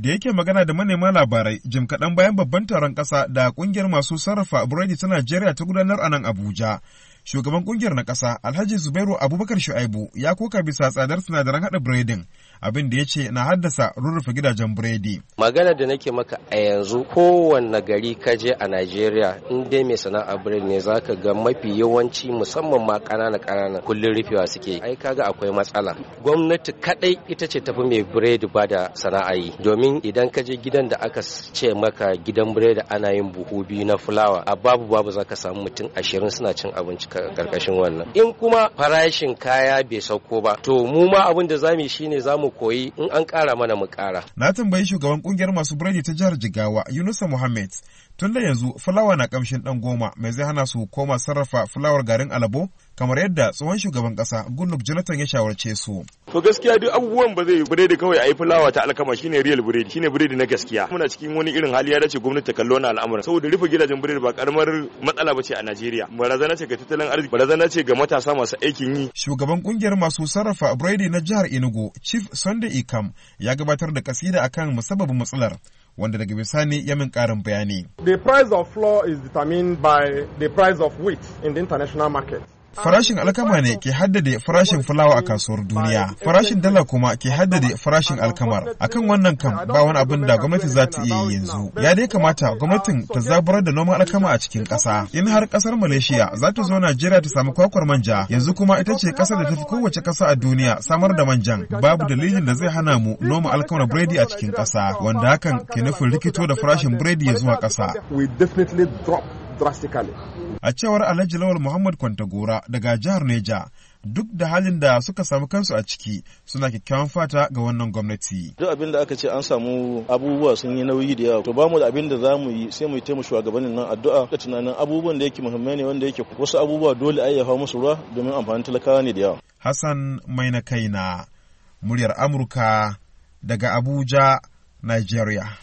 da yake magana da manema labarai jim kaɗan bayan babban taron ƙasa da ƙungiyar masu sarrafa buredi ta Najeriya ta gudanar a nan Abuja shugaban kungiyar na kasa alhaji zubairu abubakar shu'aibu ya koka bisa tsadar sinadaran haɗa biredin abin da ya ce na haddasa rurrufe gidajen biredi. magana da nake maka a yanzu kowanne gari ka je a najeriya in dai mai sana'a biredi ne za ka ga mafi yawanci musamman ma ƙanana ƙanana kullum rufewa suke ai kaga akwai matsala gwamnati kadai ita ce tafi mai biredi ba da sana'a yi domin idan ka je gidan da aka ce maka gidan biredi ana yin buhu biyu na fulawa a babu babu za ka samu mutum ashirin suna cin abinci karkashin wannan in kuma farashin kaya bai sauko ba to mu ma abin da zamu shine zamu koyi in an kara mana mu kara na tambayi shugaban kungiyar masu biredi ta jihar Jigawa Yunusa Muhammad tunda yanzu fulawa na kamshin dan goma mai zai hana su koma sarrafa fulawar garin alabo kamar yadda tsohon shugaban kasa gunnuk Jonathan ya shawarce su. To gaskiya duk abubuwan ba zai biredi kawai a yi fulawa ta alkama shine real biredi shine biredi na gaskiya. Muna cikin wani irin hali ya dace gwamnati ta kallo na al'amuran saboda rufe gidajen biredi ba karamar matsala ba ce a Najeriya. Barazana ce ga tattalin arziki, barazana ce ga matasa masu aikin yi. Shugaban kungiyar masu sarrafa biredi na jihar Enugu, Chief Sunday Ikam, ya gabatar da kasida akan musabbabin matsalar. wanda daga bisani ya min karin bayani. The price of flour is determined by the price of wheat in the international market. Farashin alkama ne ke haddade farashin fulawa a kasuwar duniya. Farashin dala kuma ke haddade farashin alkamar. a kan wannan kam ba wani abin da gwamnati za ta iya yi yanzu. Ya dai kamata gwamnatin ta zaburar da noman alkama a cikin ƙasa. In har ƙasar Malaysia za ta zo Najeriya ta samu kwakwar manja, yanzu kuma ita ce ƙasar da ta fi kowace ƙasa a duniya samar da manjan. Babu dalilin da zai hana mu noma alkamar biredi a cikin ƙasa, wanda hakan ke nufin rikito da farashin biredi ya zuwa ƙasa. drastically. A cewar Alhaji Lawal Muhammad Kwantagora daga jihar Neja, duk da halin da suka samu kansu a ciki suna kyakkyawan fata ga wannan gwamnati. Duk abin da aka ce an samu abubuwa sun yi nauyi da yawa. To bamu da abin da za mu yi sai mu yi taimu shugabannin nan addu'a da tunanin abubuwan da yake muhimmai ne wanda yake wasu abubuwa dole a ya hawo musu ruwa domin amfanin talakawa ne da yawa. Hassan mai Maina na muryar Amurka daga Abuja, Nigeria.